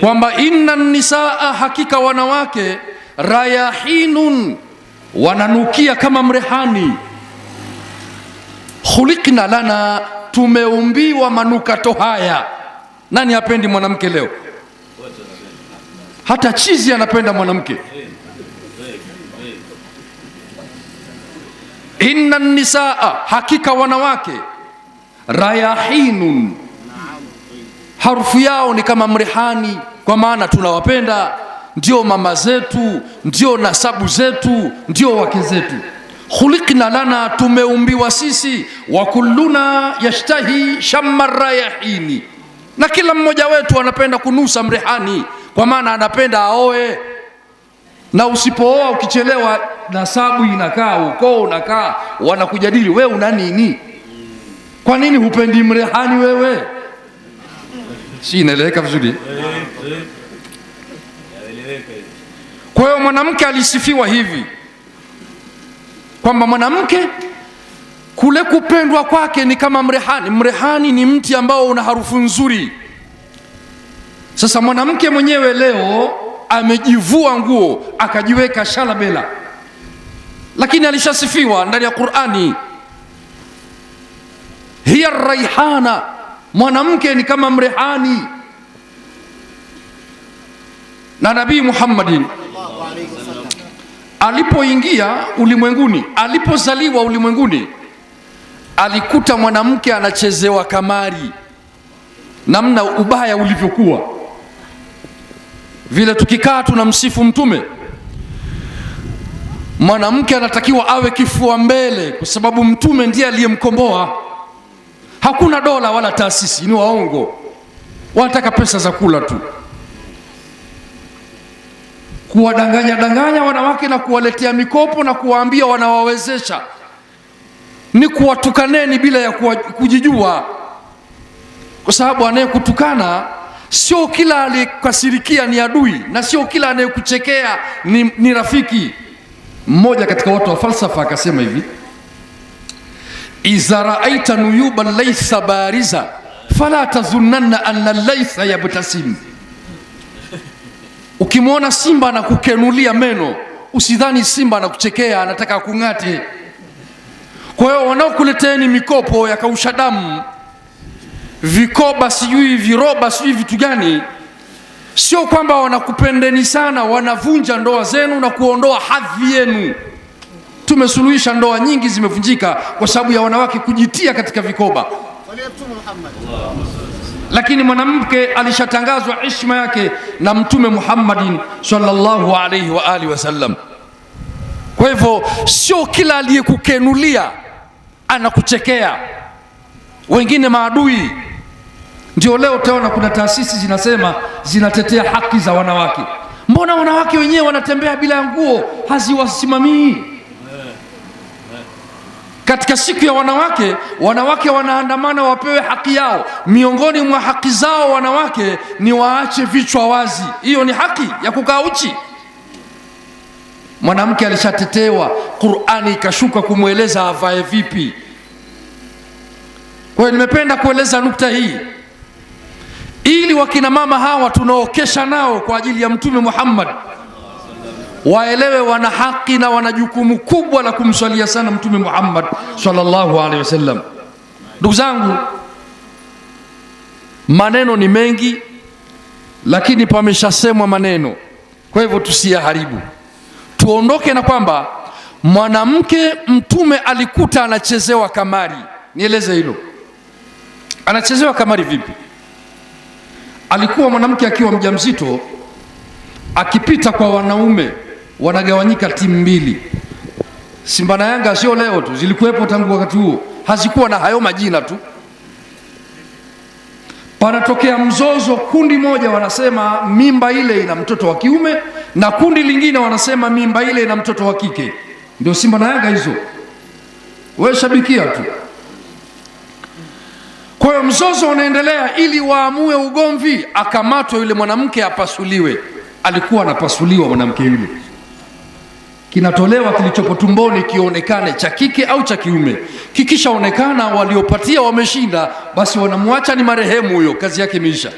kwamba inna nisaa, hakika wanawake, rayahinun, wananukia kama mrehani, khuliqna lana, tumeumbiwa manukato haya. Nani apendi mwanamke leo? Hata chizi anapenda mwanamke. Inna nisaa, hakika wanawake, rayahinun harufu yao ni kama mrehani, kwa maana tunawapenda, ndio mama zetu, ndio nasabu zetu, ndio wake zetu. Khuliqna lana, tumeumbiwa sisi. Wa kulluna yashtahi shamma rayahini, na kila mmoja wetu anapenda kunusa mrehani, kwa maana anapenda aoe. Na usipooa ukichelewa, nasabu inakaa, ukoo unakaa, wanakujadili we una nini? Kwa nini hupendi mrehani wewe? si inaeleweka vizuri. Kwa hiyo mwanamke alisifiwa hivi kwamba mwanamke kule kupendwa kwake ni kama mrehani. Mrehani ni mti ambao una harufu nzuri. Sasa mwanamke mwenyewe leo amejivua nguo akajiweka shalabela, lakini alishasifiwa ndani ya Qur'ani, hiya raihana Mwanamke ni kama mrehani, na Nabii Muhammadin alipoingia ulimwenguni, alipozaliwa ulimwenguni, alikuta mwanamke anachezewa kamari, namna ubaya ulivyokuwa vile. Tukikaa tunamsifu Mtume, mwanamke anatakiwa awe kifua mbele, kwa sababu Mtume ndiye aliyemkomboa Hakuna dola wala taasisi, ni waongo, wanataka pesa za kula tu, kuwadanganya danganya wanawake na kuwaletea mikopo na kuwaambia wanawawezesha, ni kuwatukaneni bila ya kuwa, kujijua, kwa sababu anayekutukana sio kila aliyekasirikia ni adui na sio kila anayekuchekea ni, ni rafiki. Mmoja katika watu wa falsafa akasema hivi iza raaita nuyuba laitha bariza fala tazunnanna anna laysa yabtasim, ukimwona simba anakukenulia meno usidhani simba anakuchekea anataka kung'ate. Kwa hiyo wanaokuleteeni mikopo ya kausha damu, vikoba, sijui viroba, sijui vitu gani, sio kwamba wanakupendeni sana, wanavunja ndoa zenu na kuondoa hadhi yenu. Tumesuluhisha ndoa nyingi zimevunjika kwa sababu ya wanawake kujitia katika vikoba. Lakini mwanamke alishatangazwa heshima yake na Mtume Muhammadin sallallahu alaihi wa alihi wasallam. Kwa hivyo, sio kila aliyekukenulia anakuchekea, wengine maadui. Ndio leo utaona kuna taasisi zinasema zinatetea haki za wanawake. Mbona wanawake wenyewe wanatembea bila nguo, haziwasimamii katika siku ya wanawake, wanawake wanaandamana wapewe haki yao. Miongoni mwa haki zao wanawake ni waache vichwa wazi. Hiyo ni haki ya kukaa uchi. Mwanamke alishatetewa, Qur'ani ikashuka kumweleza avae vipi. Kwa hiyo nimependa kueleza nukta hii ili wakina mama hawa tunaokesha nao kwa ajili ya Mtume Muhammad waelewe wana haki na wana jukumu kubwa la kumswalia sana Mtume Muhammad sallallahu alaihi wasallam. Ndugu zangu, maneno ni mengi, lakini pameshasemwa maneno, kwa hivyo tusiyaharibu, tuondoke na kwamba mwanamke Mtume alikuta anachezewa kamari. Nieleze hilo, anachezewa kamari vipi? Alikuwa mwanamke akiwa mjamzito akipita kwa wanaume wanagawanyika timu mbili. Simba na Yanga sio leo tu, zilikuwepo tangu wakati huo, hazikuwa na hayo majina tu. Panatokea mzozo, kundi moja wanasema mimba ile ina mtoto wa kiume na kundi lingine wanasema mimba ile ina mtoto wa kike. Ndio Simba na Yanga hizo, wewe shabikia tu. Kwa hiyo mzozo unaendelea, ili waamue ugomvi, akamatwe yule mwanamke apasuliwe. Alikuwa anapasuliwa mwanamke yule kinatolewa kilichopo tumboni kionekane cha kike au cha kiume. Kikishaonekana waliopatia wameshinda, basi wanamwacha ni marehemu huyo, kazi yake imeisha,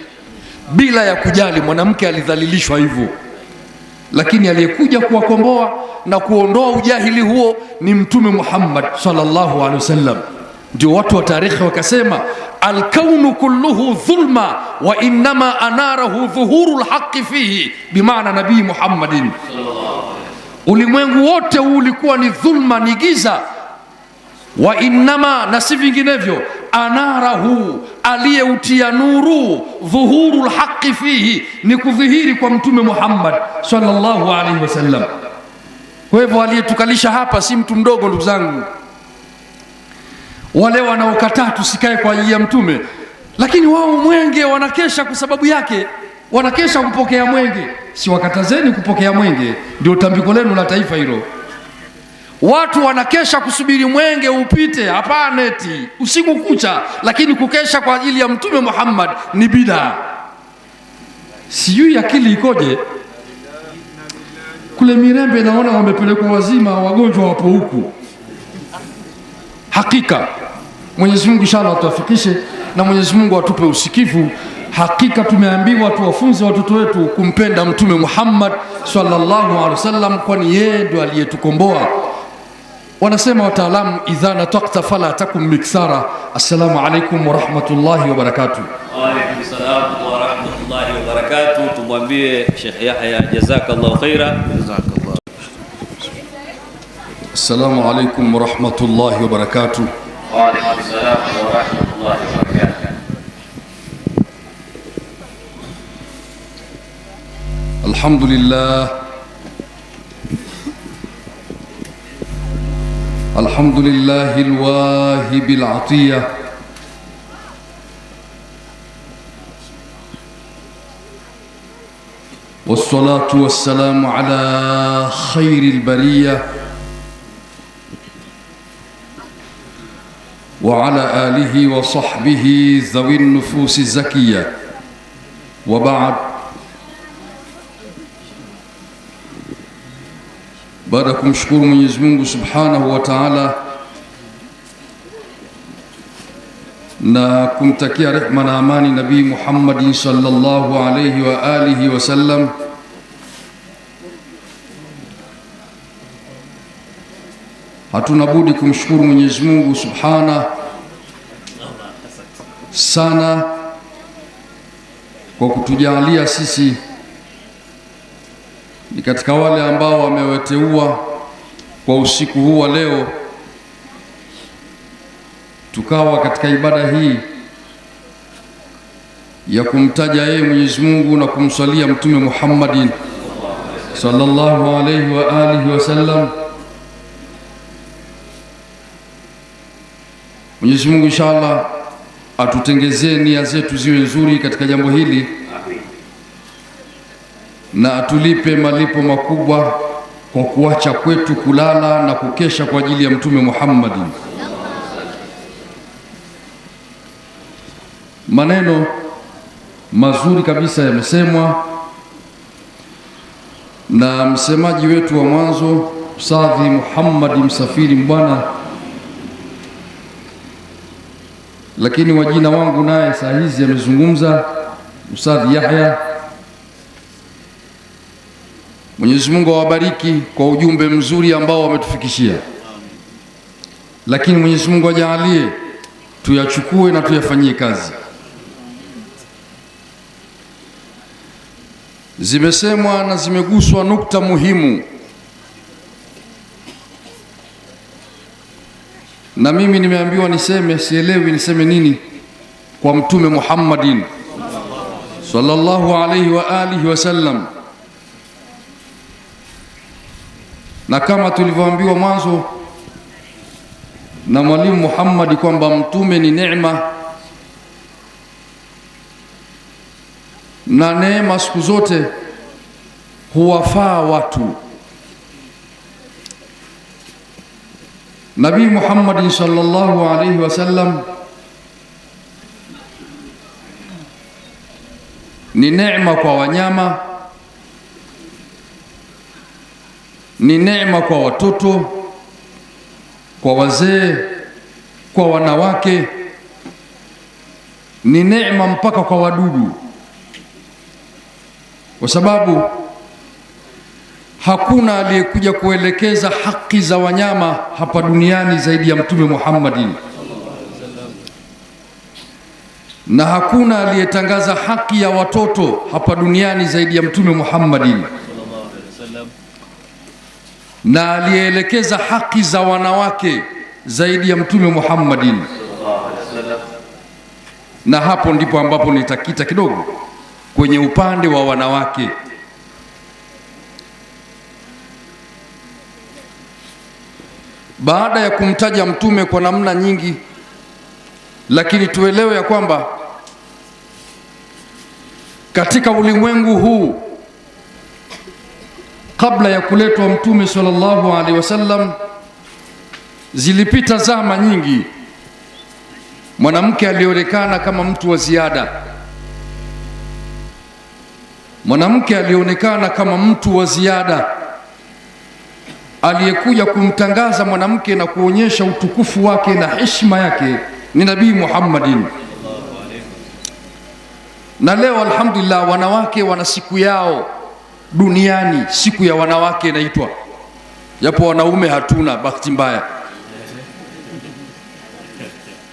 bila ya kujali mwanamke alidhalilishwa hivyo. Lakini aliyekuja kuwakomboa na kuondoa ujahili huo ni Mtume Muhammad sallallahu alaihi wasallam. Ndio watu wa tarehe wakasema, alkaunu kulluhu dhulma wa innama anarahu dhuhuru lhaqi fihi, bimaana Nabii Muhammadin Ulimwengu wote huu ulikuwa ni dhulma, ni giza. Wa innama, na si vinginevyo, anarahu, aliyeutia nuru, dhuhuru lhaqi fihi, ni kudhihiri kwa Mtume Muhammad sallallahu alaihi wasallam. Kwa hivyo aliyetukalisha hapa si mtu mdogo, ndugu zangu. Wale wanaokataa tusikae kwa ajili ya Mtume, lakini wao mwenge wanakesha kwa sababu yake wanakesha kupokea mwenge. Siwakatazeni kupokea mwenge, ndio tambiko lenu la taifa hilo. Watu wanakesha kusubiri mwenge upite, hapana eti usiku kucha, lakini kukesha kwa ajili ya Mtume Muhammad ni bidaa. Sijui akili ikoje kule Mirembe, naona wamepelekwa wazima, wagonjwa wapo huku. Hakika Mwenyezi Mungu inshallah atuafikishe, na Mwenyezi Mungu atupe usikivu. Hakika tumeambiwa tuwafunze watoto wetu kumpenda Mtume Muhammad sallallahu alaihi wasallam, kwani yeye ndo aliyetukomboa. Wanasema wataalamu, idha natakta fala takum miksara. Assalamu alaikum warahmatullahi wabarakatuh. Waalaikum salam warahmatullahi wabarakatuh. Tumwambie Sheikh Yahya jazakallahu khaira. Jazakallahu. Assalamu alaikum warahmatullahi wabarakatuh. Waalaikum salam warahmatullahi wabarakatuh. الحمد لله الحمد لله الواهب العطية والصلاة والسلام على خير البرية وعلى آله وصحبه ذوي النفوس الزكية وبعد Baada ya kumshukuru Mwenyezi Mungu Subhanahu wa Ta'ala na kumtakia rehma na amani Nabii Muhammadin sallallahu alayhi wa alihi wasallam, hatuna budi kumshukuru Mwenyezi Mungu Subhana sana kwa kutujalia sisi katika wale ambao wameweteua kwa usiku huu wa leo, tukawa katika ibada hii ya kumtaja yeye Mwenyezi Mungu na kumswalia Mtume Muhammadin sallallahu alayhi wa alihi wasallam. Mwenyezi Mungu inshallah atutengezee nia zetu ziwe nzuri katika jambo hili na atulipe malipo makubwa kwa kuacha kwetu kulala na kukesha kwa ajili ya Mtume Muhammadi. Maneno mazuri kabisa yamesemwa na msemaji wetu wa mwanzo Ustadhi Muhammadi Msafiri Mbwana, lakini wajina wangu naye saa hizi amezungumza Ustadhi Yahya Mwenyezi Mungu awabariki kwa ujumbe mzuri ambao wametufikishia, lakini Mwenyezi Mungu ajalie tuyachukue na tuyafanyie kazi. Zimesemwa na zimeguswa nukta muhimu, na mimi nimeambiwa niseme, sielewi niseme nini kwa Mtume Muhammadin sallallahu alayhi wa alihi wasallam na kama tulivyoambiwa mwanzo na Mwalimu Muhammad kwamba mtume ni neema na neema siku zote huwafaa watu. Nabii Muhammad sallallahu alaihi wasallam ni neema kwa wanyama ni neema kwa watoto, kwa wazee, kwa wanawake, ni neema mpaka kwa wadudu, kwa sababu hakuna aliyekuja kuelekeza haki za wanyama hapa duniani zaidi ya Mtume Muhammadin, na hakuna aliyetangaza haki ya watoto hapa duniani zaidi ya Mtume Muhammadin na alielekeza haki za wanawake zaidi ya Mtume Muhammadin, na hapo ndipo ambapo nitakita kidogo kwenye upande wa wanawake. Baada ya kumtaja mtume kwa namna nyingi, lakini tuelewe ya kwamba katika ulimwengu huu kabla ya kuletwa Mtume sallallahu alaihi wasallam, zilipita zama nyingi. Mwanamke alionekana kama mtu wa ziada, mwanamke alionekana kama mtu wa ziada aliyekuja kumtangaza mwanamke na kuonyesha utukufu wake na heshima yake ni Nabii Muhammadin. Na leo alhamdulillah, wanawake wana siku yao duniani siku ya wanawake inaitwa, japo wanaume hatuna bahati mbaya,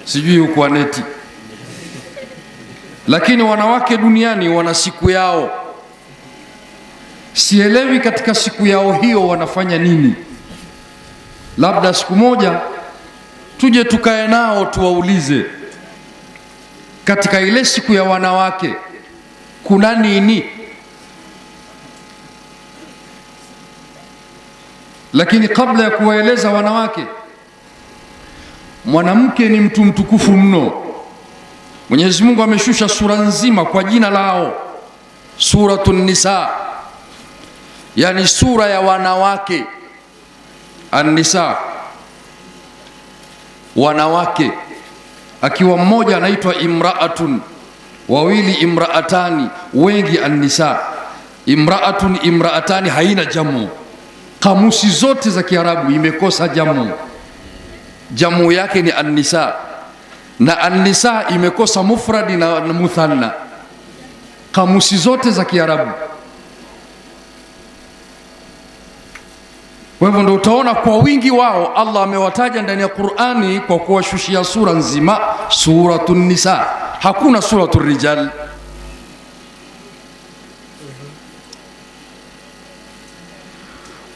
sijui huko aneti, lakini wanawake duniani wana siku yao. Sielewi katika siku yao hiyo wanafanya nini. Labda siku moja tuje tukae nao tuwaulize, katika ile siku ya wanawake kuna nini? Lakini kabla ya kuwaeleza wanawake, mwanamke ni mtu mtukufu mno. Mwenyezi Mungu ameshusha sura nzima kwa jina lao, Suratun Nisa, yani sura ya wanawake. An-Nisa, wanawake, akiwa mmoja anaitwa imraatun, wawili imraatani, wengi an-nisa. Imraatun, imraatani haina jamu Kamusi zote za Kiarabu imekosa jamu, jamu yake ni annisa, na annisa imekosa mufradi na muthanna. Kamusi zote za Kiarabu. Kwa hivyo ndio utaona kwa wingi wao Allah amewataja ndani ya Qur'ani kwa kuwashushia sura nzima, suratu nisa, hakuna suratu rijal.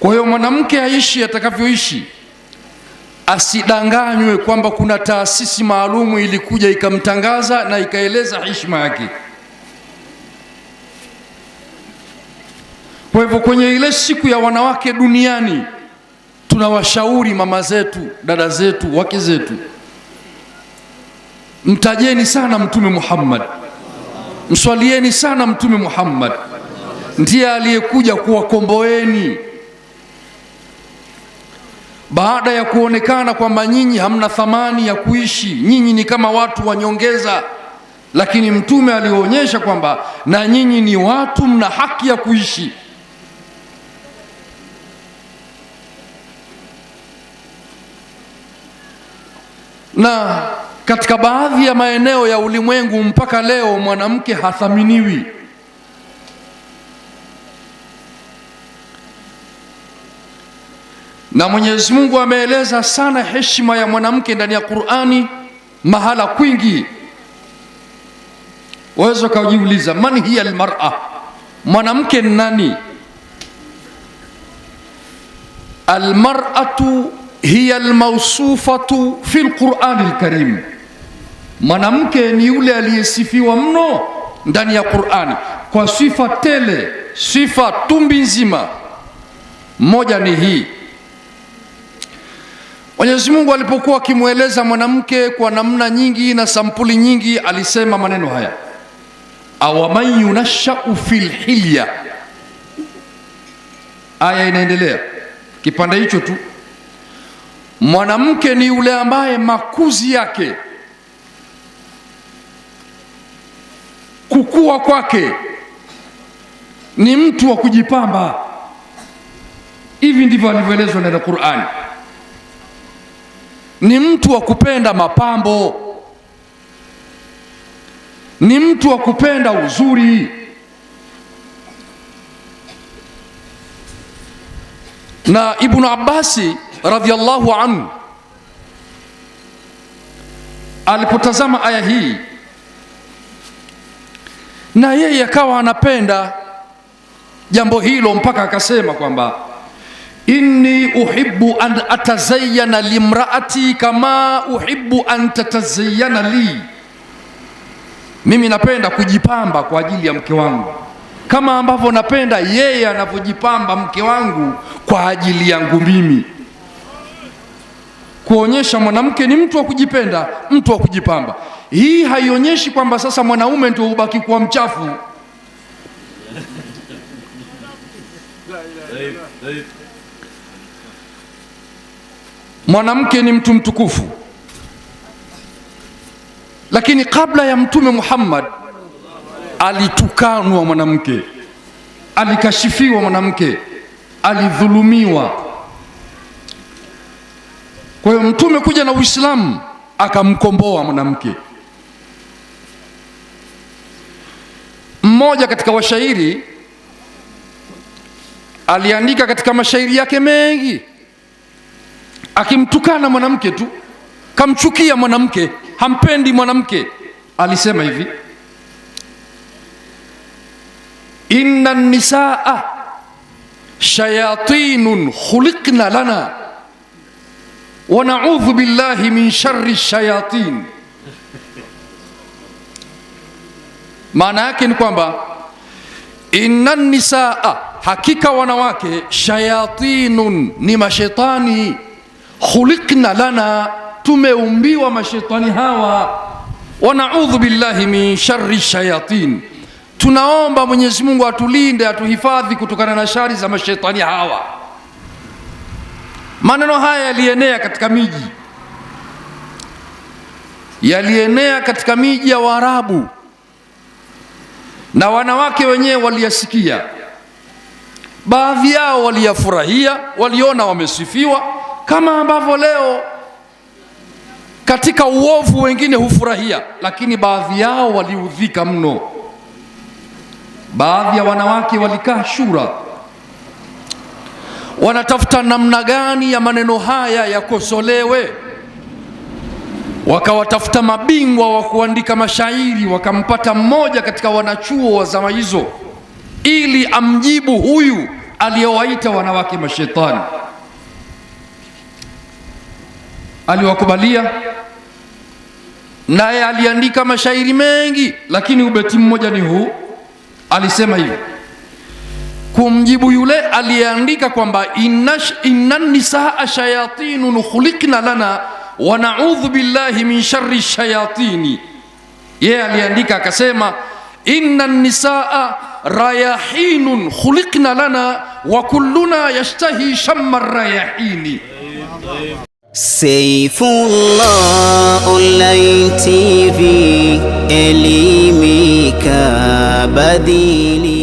Kwa hiyo mwanamke aishi atakavyoishi, asidanganywe kwamba kuna taasisi maalumu ilikuja ikamtangaza na ikaeleza heshima yake. Kwa hivyo kwenye ile siku ya wanawake duniani, tunawashauri mama zetu, dada zetu, wake zetu, mtajeni sana Mtume Muhammad, mswalieni sana Mtume Muhammad, ndiye aliyekuja kuwakomboeni baada ya kuonekana kwamba nyinyi hamna thamani ya kuishi, nyinyi ni kama watu wanyongeza, lakini Mtume alionyesha kwamba na nyinyi ni watu mna haki ya kuishi. Na katika baadhi ya maeneo ya ulimwengu mpaka leo mwanamke hathaminiwi. Na Mwenyezi Mungu ameeleza sana heshima ya mwanamke ndani ya Qur'ani mahala kwingi. Waweza ukajiuliza, man hiya almar'a, mwanamke ni nani? Almar'atu hiya almawsufatu fi lqurani alkarim, mwanamke ni yule aliyesifiwa mno ndani ya Qur'ani kwa sifa tele, sifa tumbi nzima. Moja ni hii Mwenyezi Mungu alipokuwa akimweleza mwanamke kwa namna nyingi na sampuli nyingi, alisema maneno haya, awaman yunashau fil hilya. Aya inaendelea kipande hicho tu. Mwanamke ni yule ambaye makuzi yake, kukua kwake, ni mtu wa kujipamba. Hivi ndivyo alivyoelezwa na Qur'ani ni mtu wa kupenda mapambo, ni mtu wa kupenda uzuri, na Ibnu Abbasi radhiallahu anhu alipotazama aya hii na yeye akawa anapenda jambo hilo mpaka akasema kwamba inni uhibbu an atazayana limraati kama uhibbu an tatazayyana li, mimi napenda kujipamba kwa ajili ya mke wangu kama ambavyo napenda yeye anavyojipamba mke wangu kwa ajili yangu mimi. Kuonyesha mwanamke ni mtu wa kujipenda, mtu wa kujipamba. Hii haionyeshi kwamba sasa mwanaume ndio ubaki kuwa mchafu Mwanamke ni mtu mtukufu, lakini kabla ya Mtume Muhammad alitukanwa mwanamke, alikashifiwa mwanamke, alidhulumiwa. Kwa hiyo Mtume kuja na Uislamu akamkomboa mwanamke. Mmoja katika washairi aliandika katika mashairi yake mengi akimtukana mwanamke tu, kamchukia mwanamke, hampendi mwanamke, alisema hivi inna nisaa shayatinun khuliqna lana wa naudhu billahi min sharri shayatin. Maana yake ni kwamba inna nisaa, hakika wanawake, shayatinun ni mashetani khuliqna lana, tumeumbiwa mashetani hawa. Wa naudhu billahi min sharri shayatin, tunaomba Mwenyezi Mungu atulinde atuhifadhi kutokana na shari za mashetani hawa. Maneno haya yalienea katika miji yalienea katika miji ya Waarabu na wanawake wenyewe waliyasikia, baadhi yao waliyafurahia, waliona wamesifiwa kama ambavyo leo katika uovu wengine hufurahia, lakini baadhi yao waliudhika mno. Baadhi ya wanawake walikaa shura, wanatafuta namna gani ya maneno haya yakosolewe. Wakawatafuta mabingwa wa kuandika mashairi, wakampata mmoja katika wanachuo wa zama hizo, ili amjibu huyu aliyowaita wanawake mashetani. aliwakubalia, naye aliandika mashairi mengi, lakini ubeti mmoja ni huu. Alisema hivi kumjibu yule aliyeandika kwamba inna nisaa shayatinun khuliqna lana wa naudhu billahi min sharri shayatini. Yeye aliandika akasema, inna nisaa rayahinun khuliqna lana wa kulluna yashtahi shamma rayahini. Saifullah Online TV, elimika badili